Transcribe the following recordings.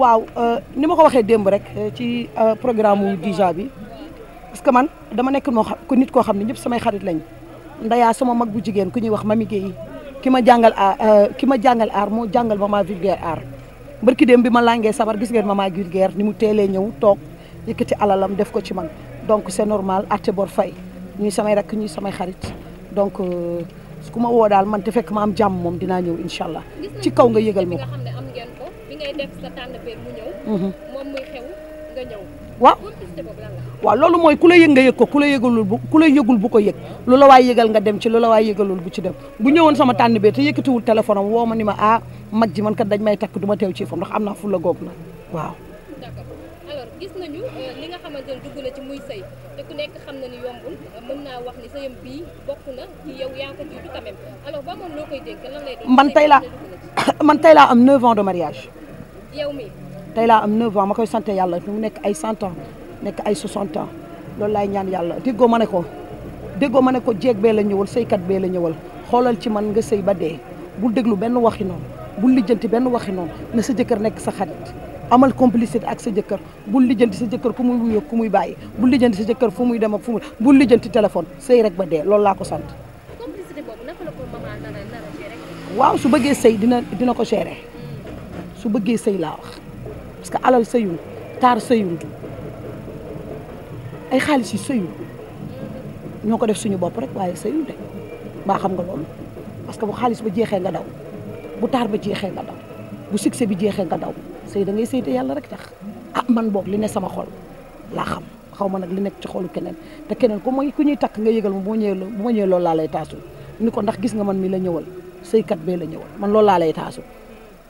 waaw euh, ni ma ko waxee démb rek euh, ci euh, programme wu Dija bi parce que man dama nekk moo xam ku nit koo xam ne ñëpp samay xarit lañ ndayaa sama mag bu jigéen ku ñuy wax Mami Guèye ki ma jàngal aar ki ma jàngal aar moo jàngal maman vulgaire aar mbërki démb bi ma langee sabar gis ngeen maa vulgaire ni mu teelee ñëw toog yëkkati alalam def ko ci man donc c'est normal arte bor fay ñuy samay rakk ñuy samay xarit donc ku ma woo daal man te fekk ma am jàmm moom dinaa ñëw incha allah ci kaw nga yëgal ma ko ngay def mhm. waaw waaw loolu mooy ku la yëg nga yëg ko ku la yëgalul bu la yëgul bu ko yëg lu la waay yëgal nga dem ci lu la waay yëgalul bu ci dem bu ñëwoon sama tànn bee te yëkkatiwul téléphone am woo ma ni ma ah mag ji man kat dañ may takk du ma ci fam ndax am naa fu la góob na waaw. d'accord euh, na ci muy sëy te euh, naa wax ni na ci man tey laa man tey laa am 9 de mariage. yow mi tey laa am 9 ans ma koy sant yàlla mu nekk ay 100 ans nekk ay 60 ans loolu laay ñaan yàlla déggoo ma ne ko déggoo ma ne ko jeeg bee la ñëwal sëykat bee la ñëwal xoolal ci man nga sey ba dee bul déglu benn waxi noonu bul lijjanti benn waxi noonu na sa jëkkër nekk sa xarit amal complicité ak sa jëkkër bul lijjanti sa jëkkër ku muy wuyoo ku muy bàyyi bu lijjanti sa jëkkër fu muy dem ak fu muy lijjanti téléphone sey rek ba dee loolu laa ko sant. complicité su bëggee sëy dina dina ko gérer. su bëggee sëy laa wax parce que alal sëyul taar sëyul ay xaalis yi sëyul ñoo ko def suñu bopp rek waaye sëyul de mbaa xam nga loolu parce que bu xaalis ba jeexee nga daw bu taar ba jeexee nga daw bu succès bi jeexee nga daw sëy da ngay sëy te yàlla rek tax ah man boog li ne sama xol laa xam xaw ma nag li nekk ci xolu keneen te keneen ku mooy ku ñuy takk nga yëgal ma bu ma ñëwee bu ma laa lay taasu ni ko ndax gis nga man mi la ñëwal sëykat bee la ñëwal man loolu laa lay taasu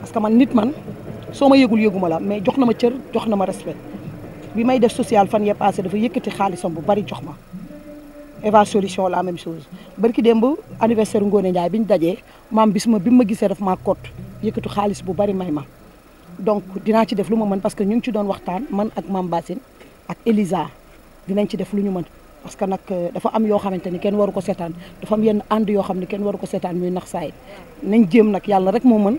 parce que man nit man soo ma yëgul yëguma la mais jox na ma cër jox na ma respect bi may def social fan yee passé dafa yëkkati xaalisam bu bari jox ma Eva solution la même chose barki démb anniversaire Ngoone Ndiaye bi ñu dajee maam bis ma bi ma gisee daf maa kott yëkkatu xaalis bu bari may ma donc dinaa ci def lu ma mën parce que ñu ngi ci doon waxtaan man ak maam Bassine ak dinañ ci def lu ñu mën parce que nag euh, dafa am yoo xamante ni kenn waru ko seetaan dafa am yenn ànd yoo xam ne kenn waru ko seetaan muy nax saay nañ jéem nag yàlla rek moo mën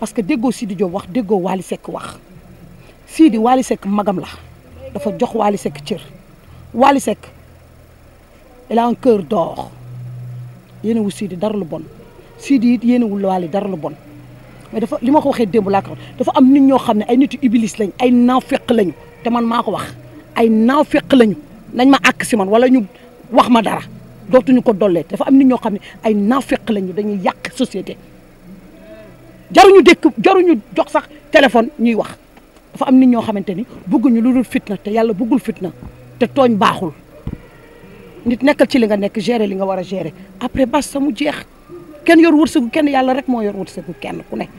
parce que déggoo Sidi Diop wax déggoo Waly Seck wax Sidi Waly Seck magam la dafa jox Waly sekk cër Waly Seck il a un cœur d'or yéenewul dara lu bon Sidi it yéenewul Waly dara lu bon mais dafa li ma ko waxee démb laa ko dafa am nit ñoo xam ne ay nitu iblis lañ ay naafeq lañu te man maa ko wax ay naaw naafeq lañu nañ ma àkk si man wala ñu wax ma dara dootuñu ko dollee dafa am nit ñoo xam ne ay naafeq lañu dañuy yàq société jaruñu dékk jaruñu jox sax téléphone ñuy wax dafa am nit ñoo xamante ni ñu lu dul fitna te yàlla bëggul fitna te tooñ baaxul nit nekkal ci li nga nekk gérer li nga war a gérer après bas sa mu jeex kenn yor wërsëgu kenn yàlla rek moo yor wërsëgu kenn ku nekk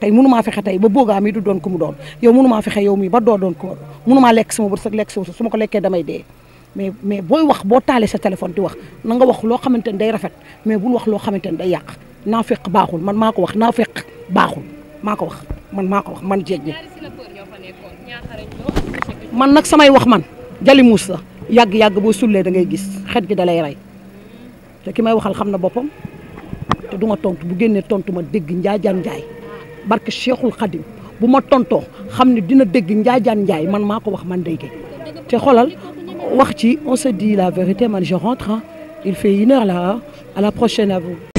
tey mënumaa fexe tey ba boogaa mi du doon ku mu doon yow mënumaa fexe yow mi ba doo doon ko mënumaa lekk sama wërsëg lekk sa wërsëg su ma ko lekkee damay dee mais mais booy wax boo sa téléphone di wax na nga wax loo xamante ni day rafet mais bul wax loo xamante ni day yàq naa feq baaxul man maa ko wax naa feq baaxul maa ko wax man maa ko wax man jeeg man nag samay wax man jali muus la yàgg-yàgg boo sullee da ngay gis xet gi da lay rey te ki may waxal xam na boppam te du ma bu génnee tontu ma dégg njaajaan njaay barke Cheikhul Khadim bu ma tontoo xam ne dina dégg njaajaan njaay man maa ko wax man day te xoolal wax ci on se la vérité man je rentre il fait une heure la prochaine à